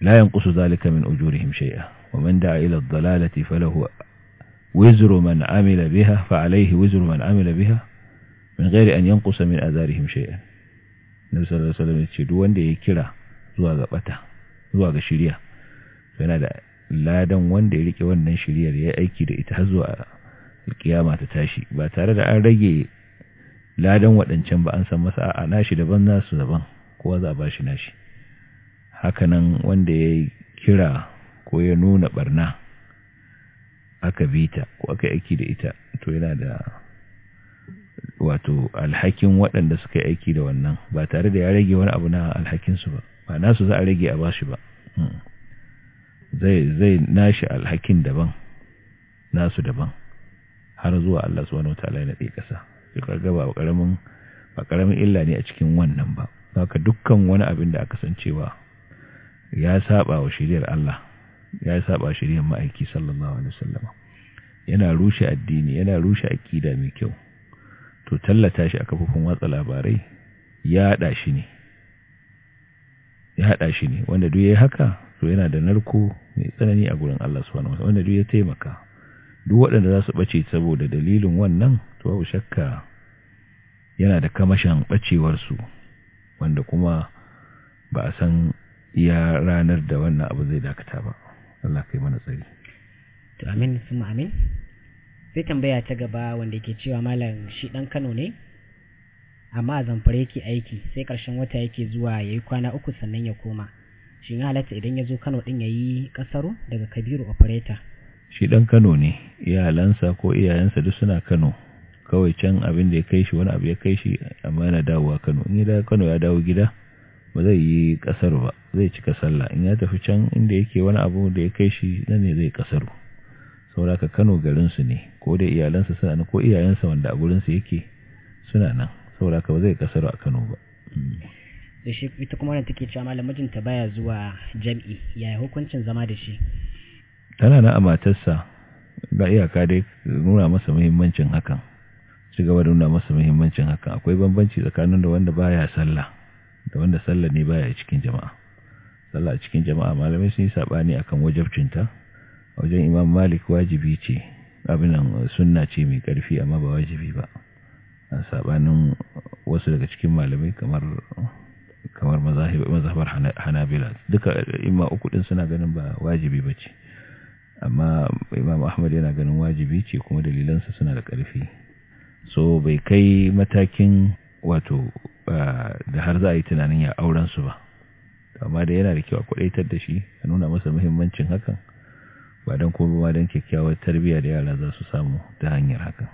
la yanqusu zalika min ujurihim shay'a wa man da'a ila ad-dalalati falahu wizru man amila biha fa alayhi wizru man amila biha min ghairi an yanqusa min azarihim shay'a nabi sallallahu alaihi wasallam ya ce duk wanda ya kira zuwa gabata zuwa ga shirya yana da ladan wanda ya rike wannan shiriyar ya aiki da ita har zuwa kiyama ta tashi ba tare da an rage ladan waɗancan ba an san masa a nashi daban nasu daban kowa za a ba shi nashi hakanan wanda ya kira ko ya nuna barna aka bi ko aka aiki da ita to yana da wato alhakin waɗanda suka aiki da wannan ba tare da ya rage wani abu na alhakinsu ba ba nasu za a rage a bashi ba hmm. zai zai nashi alhakin daban nasu daban har zuwa Allah subhanahu wataala ya natsi kasa ka ga ba karamin ba karamin illa ne a cikin wannan ba haka dukkan wani abin da aka san cewa ya saba wa shiriyar Allah ya saba shiriyar ma'aiki sallallahu alaihi wasallam yana rushe addini yana rushe akida mai kyau to tallata shi a kafofin watsa labarai ya shi ne ya haɗa shi ne wanda duk yayi haka to yana da narko mai tsanani a gurin Allah subhanahu wataala wanda duk ya taimaka duk waɗanda za su bace saboda dalilin wannan to babu shakka yana da kamashin bacewar su wanda kuma ba a san iya ranar da wannan abu zai dakata ba Allah kai mana tsari to amin sun amin sai tambaya ta gaba wanda yake cewa malam shi dan Kano ne amma a zamfara yake aiki sai karshen wata yake zuwa ya yi kwana uku sannan ya koma shi ya halatta idan ya zo kano ɗin ya yi ƙasaro daga kabiru operator shi dan kano ne iyalansa ko iyayensa duk suna kano kawai can abin da ya kai shi wani abu ya kai shi amma yana dawowa kano in ya dawo kano ya dawo gida ba zai yi kasar ba zai cika sallah in ya tafi can inda yake wani abu da ya kai shi nan ne zai ƙasaro saboda ka kano garinsu ne ko da iyalansa suna nan ko iyayensa wanda a gurinsu yake suna nan saboda ka ba zai kasar a Kano ba da shi ita kuma wannan take cewa malam mijinta baya zuwa jam'i yaya hukuncin zama da shi tana na amatarsa ga iyaka dai nuna masa muhimmancin hakan ci gaba da nuna masa muhimmancin hakan akwai bambanci tsakanin da wanda baya sallah da wanda sallah ne baya cikin jama'a sallah a cikin jama'a malamai sun yi sabani akan wajibcinta wajen imam malik wajibi ce abinan sunna ce mai karfi amma ba wajibi ba sabanin wasu daga cikin malamai kamar kamar mazhabar hanabila duka imma uku din suna ganin ba wajibi bace amma imam ahmad yana ganin wajibi ce kuma dalilansa suna da ƙarfi so bai kai matakin wato da har za a yi tunanin ya auren su ba amma da yana da kyau a kudaitar da shi a nuna masa muhimmancin hakan ba don kuma ba don kyakkyawar tarbiyya da yara za su samu ta hanyar hakan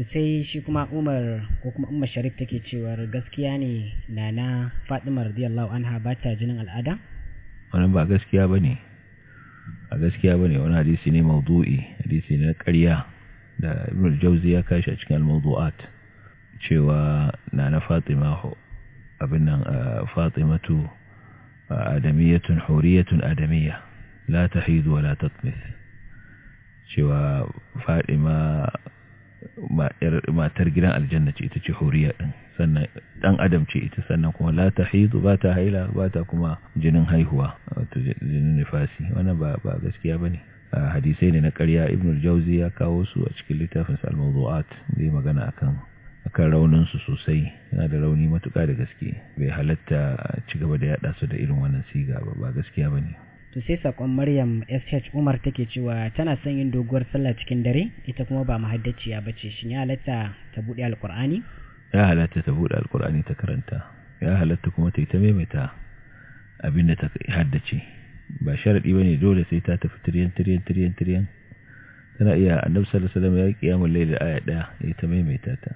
to sai shi kuma umar ko kuma umar sharif take cewar gaskiya ne Nana Fatima fadima radiyallahu anha ba ta jinin al'ada wannan ba gaskiya ba ne a gaskiya ba ne wani hadisi ne maudu'i hadisi na karya da ibn jauzi ya kashi a cikin al-mawdu'at cewa Nana fatima abin nan fatimatu adamiyatun huriyatun adamiyya la tahidu wa la tatmis cewa fatima matar gidan aljanna ce ita ce huriya din sannan dan adam ce ita sannan kuma la tahidu ba ta haila ba ta kuma jinin haihuwa wato jinin nifasi wannan ba ba gaskiya bane hadisai ne na ƙarya ibn al-jawzi ya kawo su a cikin littafin al-mawdu'at da ya magana akan akan raunin su sosai yana da rauni matuƙa da gaske bai halatta ci gaba da yada su da irin wannan siga ba ba gaskiya bane to sai sakon maryam sh umar take cewa tana son yin doguwar sallah cikin dare ita kuma ba mahaddaciya ba ce shi ya halatta ta buɗe alkur'ani ya halatta ta buɗe alkur'ani ta karanta ya halatta kuma ta yi ta maimaita abin da ta haddace ba sharaɗi ba ne dole sai ta tafi tiriyan tiriyan tiriyan tiriyan tana iya annabi sallallahu alaihi wasallam ya yi kiyamul layl aya ɗaya ya ta maimaita ta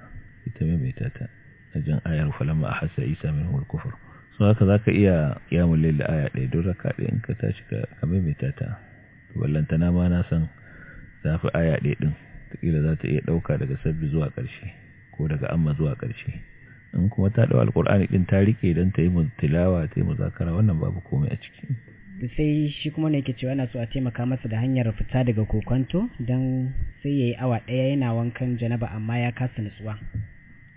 ita maimaita ta a jan ayar falamma hasa isa minhu al-kufr sun haka za ka iya yamun laila aya ɗaya don raka ɗaya in ka tashi ka maimaita ta ballantana ma na san zafi aya ɗaya ɗin ƙila za ta iya ɗauka daga sabbi zuwa ƙarshe ko daga amma zuwa ƙarshe in kuma ta ɗau alƙur'ani ɗin ta riƙe don ta yi mu tilawa ta yi mu zakara wannan babu komai a ciki sai shi kuma ne ke cewa na so a taimaka masa da hanyar fita daga kokonto don sai ya yi awa ɗaya yana wankan janaba amma ya kasa nutsuwa.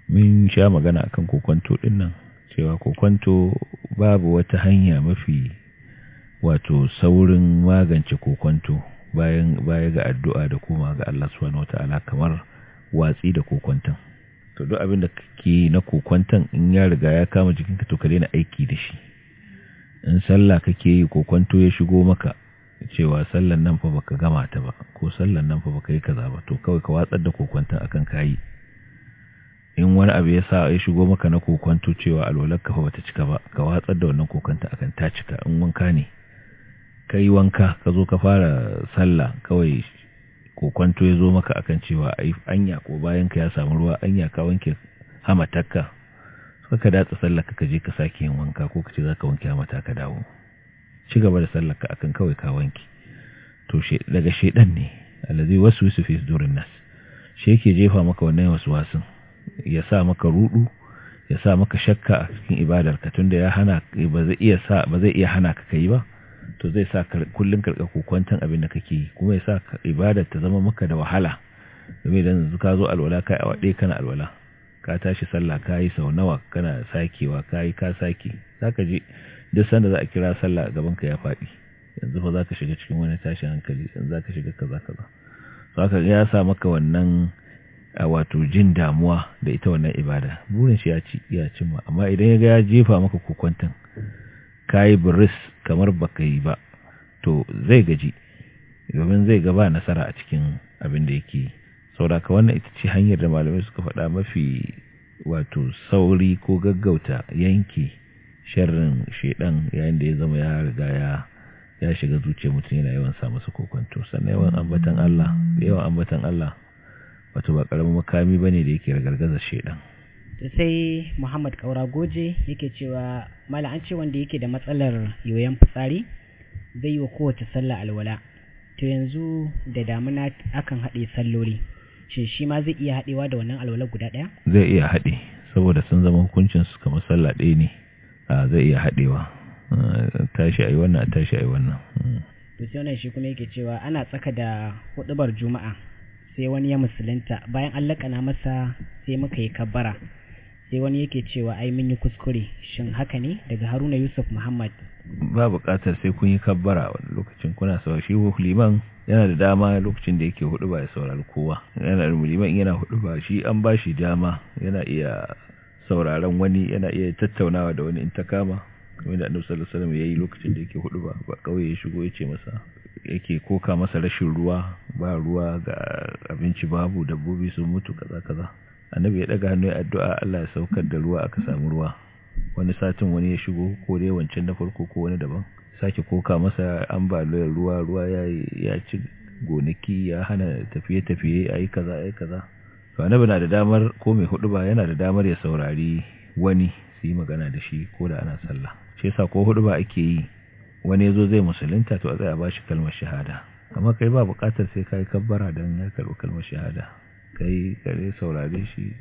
Mun sha magana akan kokonto ɗin nan cewa kokwanto babu wata hanya mafi wato saurin magance kokwanto bayan baya ga addu'a da kuma ga Allah subhanahu wataala kamar watsi da kokwantan to duk abin da kake na kokwantan in ya riga ya kama jikinka to ka daina aiki da shi in sallah kake yi kokwanto ya shigo maka cewa sallan nan fa baka gama ta ba ko sallan nan fa baka yi kaza ba to kawai ka watsar da kokwantan akan kayi in wani abu ya sa ya shigo maka na kokonto cewa alwalar fa bata cika ba ka watsar da wannan kokonta akan ta cika in wanka ne ka yi wanka ka zo ka fara sallah kawai kokonto ya zo maka akan cewa ai anya ko bayan ka ya samu ruwa anya ka wanke hamatarka ka datsa sallar ka je ka sake yin wanka ko ka ce zaka wanke hamata ka dawo ci gaba da ka akan kawai ka wanke to daga shedan ne allazi wasu fi durin nas shi yake jefa maka wannan wasu wasan. ya sa maka rudu ya sa maka shakka a cikin ibadarka tunda ya hana ba zai iya sa ba zai iya hana ka kai ba to zai sa kullun karka kokwantan abin da kake yi kuma ya sa ibadar ta zama maka da wahala domin idan ka zo alwala kai a kana alwala ka tashi sallah kayi sau nawa kana sakewa kai ka saki zaka je duk sanda za a kira sallah gaban ka ya faɗi yanzu fa zaka shiga cikin wani tashin hankali yanzu zaka shiga kaza kaza saka ya sa maka wannan a wato jin damuwa da ita wannan ibada burin shi ya ci ya cimma amma idan yaga ya jefa maka kokwantan kayi buris kamar baka yi ba to zai gaji domin zai gaba nasara a cikin abin da yake sauraka wannan ita ce hanyar da malamai suka faɗa mafi wato sauri ko gaggauta yanke sharrin shedan yayin da ya zama ya riga ya ya shiga zuciyar mutum yana yawan sa masa kokonto sannan yawan ambatan Allah yawan ambatan Allah wato ba karamin makami bane da yake ragargazar shedan to sai Muhammad Kaura Goje yake cewa mala an ce wanda yake da matsalar yoyon fitsari zai yi wa kowace sallah alwala to yanzu da damuna akan haɗe salloli shin shi ma zai iya haɗewa da wannan alwala guda ɗaya zai iya haɗe saboda sun zama hukuncin su kamar sallah ɗaya ne zai iya haɗewa tashi yi wannan tashi yi wannan hmm. to sai wannan shi kuma yake cewa ana tsaka da hudubar juma'a sai wani ya musulunta bayan an lakana masa sai muka yi kabbara sai wani yake cewa ai mun yi kuskure shin haka ne daga haruna yusuf muhammad ba buƙatar sai kun yi kabbara wani lokacin kuna saurari shi liman yana da dama lokacin da yake hudu ba ya saurari kowa yana da liman yana hudu ba shi an ba shi dama yana iya sauraron wani yana iya tattaunawa da wani in ta kama kamar da annabi sallallahu alaihi wasallam yayi lokacin da yake hudu ba ba kauye ya shigo ya ce masa yake koka masa rashin ruwa ba ruwa ga abinci babu dabbobi sun mutu kaza kaza annabi ya daga hannu ya addu'a Allah ya saukar da ruwa aka samu ruwa wani satin wani ya shigo ko dai wancan na farko ko wani daban sake koka masa ambaliyar ruwa ruwa ya ya ci gonaki ya hana tafiye tafiye ayi kaza ayi kaza to annabi na da damar ko mai hudu ba yana da damar ya saurari wani su yi magana da shi ko da ana sallah shi yasa ko hudu ba ake yi wani ya zo zai musulunta to a tsaya ba shi kalmar shahada amma kai ba bukatar sai ka yi kabbara don ya karɓi kalmar shahada kai kare saurare shi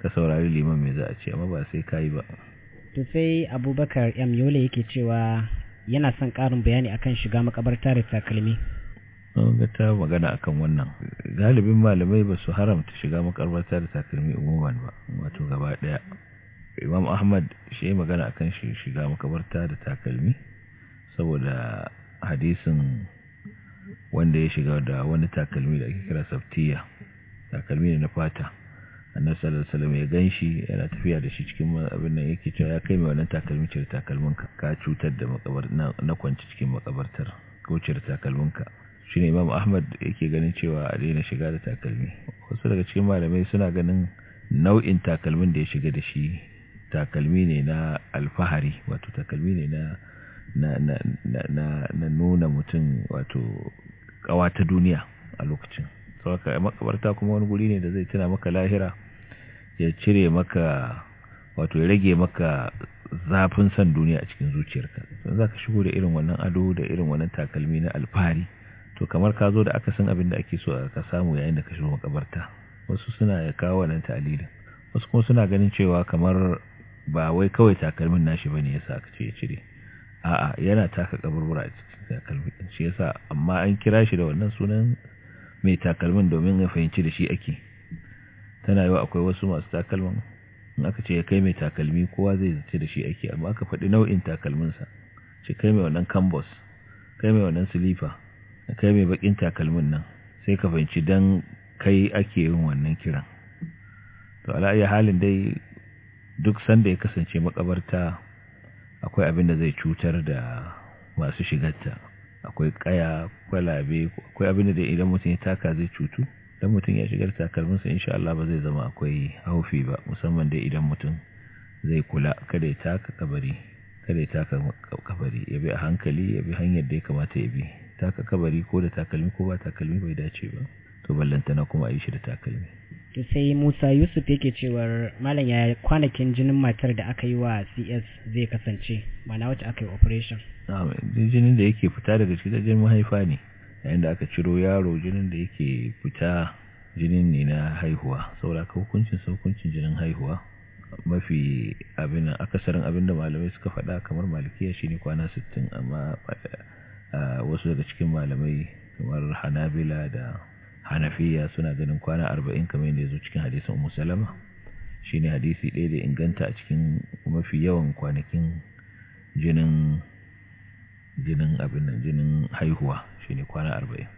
ka saurari liman mai za a ce amma ba sai ka yi ba to sai abubakar yam yola yake cewa yana son karin bayani akan shiga makabarta da takalmi ga ta magana akan wannan galibin malamai ba su haramta shiga makabarta da takalmi umuman ba wato gaba daya imam ahmad shi magana akan shiga makabarta da takalmi saboda hadisin wanda ya shiga da wani takalmi da ake kira saftiya takalmi ne na fata annabi sallallahu alaihi wasallam ya ganshi yana tafiya da shi cikin abin nan yake cewa ya kai mai wannan takalmi cire takalmin ka ka cutar da makabar na kwanci cikin makabartar ko cire takalmin ka ne imam ahmad yake ganin cewa a daina shiga da takalmi wasu daga cikin malamai suna ganin nau'in takalmin da ya shiga da shi takalmi ne na alfahari wato takalmi ne na na nuna mutum wato kawa ta duniya a lokacin saboda makabarta kuma wani guri ne da zai tuna maka lahira ya cire maka wato ya rage maka zafin san duniya a cikin zuciyarka don za ka shigo da irin wannan ado da irin wannan takalmi na alfahari to kamar ka zo da aka san abin da ake so ka samu yayin da ka shigo makabarta wasu suna ya kawo wannan talilin wasu kuma suna ganin cewa kamar ba wai kawai takalmin nashi bane yasa ka ce ya cire a'a yana taka kaburbura a cikin takalmi shi yasa amma an kira shi da wannan sunan mai takalmin domin ya fahimci da shi ake tana yi akwai wasu masu takalmin? in aka ce ya kai mai takalmi kowa zai zace da shi ake amma aka faɗi nau'in takalminsa ce kai mai wannan kambos kai mai wannan silifa kai mai bakin takalmin nan sai ka fahimci dan kai ake yin wannan kiran to ala halin dai duk sanda ya kasance makabarta akwai abin da zai cutar da masu shigarta akwai kaya kwalabe akwai abin da idan mutum ya taka zai cutu don mutum ya shigar takalminsa insha Allah ba zai zama akwai haufi ba musamman da idan mutum zai kula kada ya taka kabari kada ya taka kabari ya bi a hankali ya bi hanyar da ya kamata ya bi taka kabari ko da takalmi ko ba takalmi bai dace ba to ballantana kuma a yi shi da takalmi to sai Musa Yusuf yake cewar malam ya kwanakin jinin matar da aka yi wa CS zai kasance mana wacce aka yi operation jinin da yake fita daga cikin jinin mahaifa ne yayin da aka ciro yaro jinin da yake fita jinin ne na haihuwa saboda ka hukuncin hukuncin jinin haihuwa mafi abin akasarin abin da malamai suka faɗa kamar malikiya shine kwana 60 amma ah, wasu daga cikin malamai kamar hanabila da hanafiya suna ganin kwana arba'in kamar yadda ya zo cikin hadisin umu salama shi ne hadisi ɗaya da inganta a cikin mafi yawan kwanakin jinin jinin abin nan jinin haihuwa shi ne kwana arba'in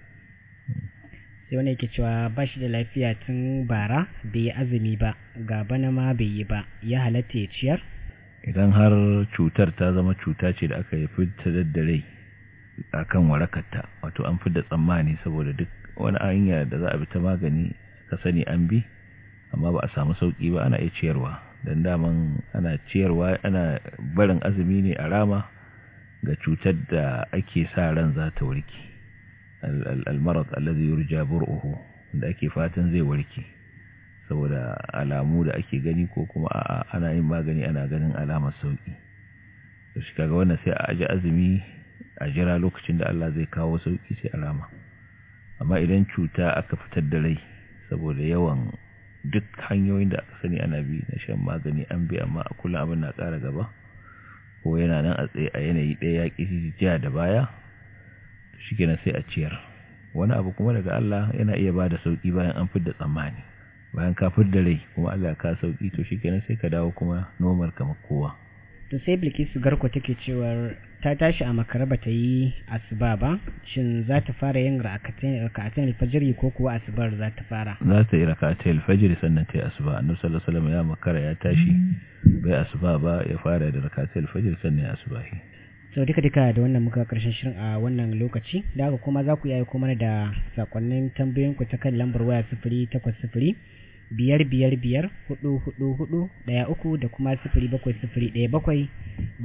sai wani yake cewa ba shi da lafiya tun bara bai yi azumi ba ga bana ma bai yi ba ya halatta ya ciyar idan har cutar ta zama cuta ce da aka yi fitar da rai a kan warakarta wato an fi da tsammani saboda duk wani hanya da za a bi ta magani ka sani an bi amma ba a samu sauki ba ana iya ciyarwa dan daman ana ciyarwa ana barin azumi ne a rama ga cutar da ake sa ran za ta warke al-marad allazi yurja bur'uhu da ake fatan zai warke saboda alamu da ake gani ko kuma ana yin magani ana ganin alamar sauki da shi kaga wannan sai a aji azumi a jira lokacin da Allah zai kawo sauki sai alama amma idan cuta aka fitar da rai saboda yawan duk hanyoyin da aka sani ana bi na shan magani an bi amma a kullum abin na ƙara gaba ko yana nan a tsaye a yanayi ɗaya ya ƙi jiya da baya shi kenan sai a ciyar wani abu kuma daga Allah yana iya ba da sauƙi bayan an da tsammani bayan ka da rai kuma Allah ka sauƙi to shi kenan sai ka dawo kuma nomar kamar kowa to sai bilkisu garko take cewar ta tashi a makara ba ta yi asuba ba shin za ta fara yin raka'atun alfajiri ko kuwa asubar za ta fara za ta yi raka'atun alfajiri sannan ta yi asuba annabi salasalama ya makara ya tashi bai asuba ba ya fara da raka'atun alfajiri sannan ya asubahi sau duka duka da wannan muka karshen shirin a wannan lokaci da haka kuma za ku yi aiko mana da sakonnin tambayoyinku ta kan lambar waya sifiri takwas sifiri biyar biyar biyar hudu hudu hudu daya uku da kuma sifiri bakwai sifiri daya bakwai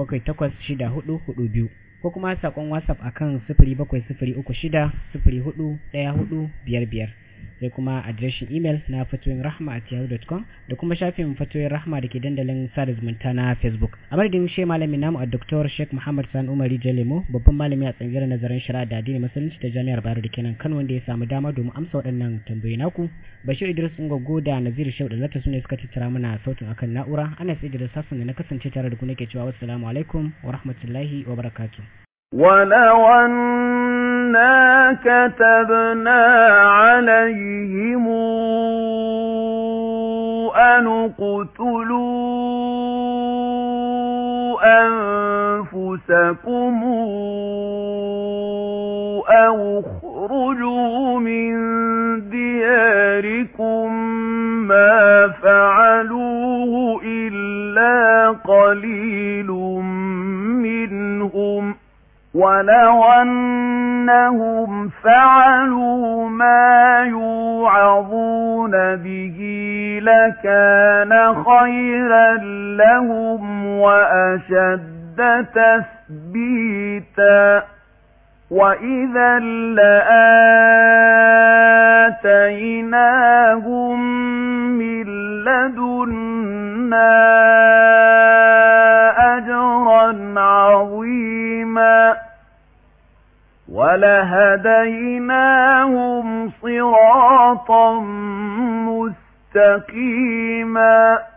bakwai takwas shida hudu hudu biyu ko kuma saƙon whatsapp akan sifiri bakwai sifiri uku shida sifiri hudu daya hudu biyar biyar sai kuma adireshin imel na fatoyin rahma at yahoo.com da kuma shafin fatoyin rahma da ke dandalin sada zumunta na facebook a madadin shi malami namu a doktor sheikh muhammad san umari lemo babban malami a tsangiyar nazarin shari'a da addinin masallaci ta jami'ar bayero da kenan kano wanda ya samu dama domin amsa waɗannan tambayoyi naku bashir idris ngogo da nazir shehu da zata sune suka tattara mana sautin akan na'ura ana sai da sassan da na kasance tare da ku nake cewa wassalamu alaikum wa rahmatullahi wa barakatuh إِنَّا كَتَبْنَا عَلَيْهِمْ أَنِ اقْتُلُوا أَنفُسَكُمْ أَوْ اخْرُجُوا مِن دِيَارِكُمْ مَا فَعَلُوهُ إِلَّا قَلِيلٌ ولو أنهم فعلوا ما يوعظون به لكان خيرا لهم وأشد تثبيتا وإذا لآتيناهم من لدنا أجرا عظيما ولهديناهم صراطا مستقيما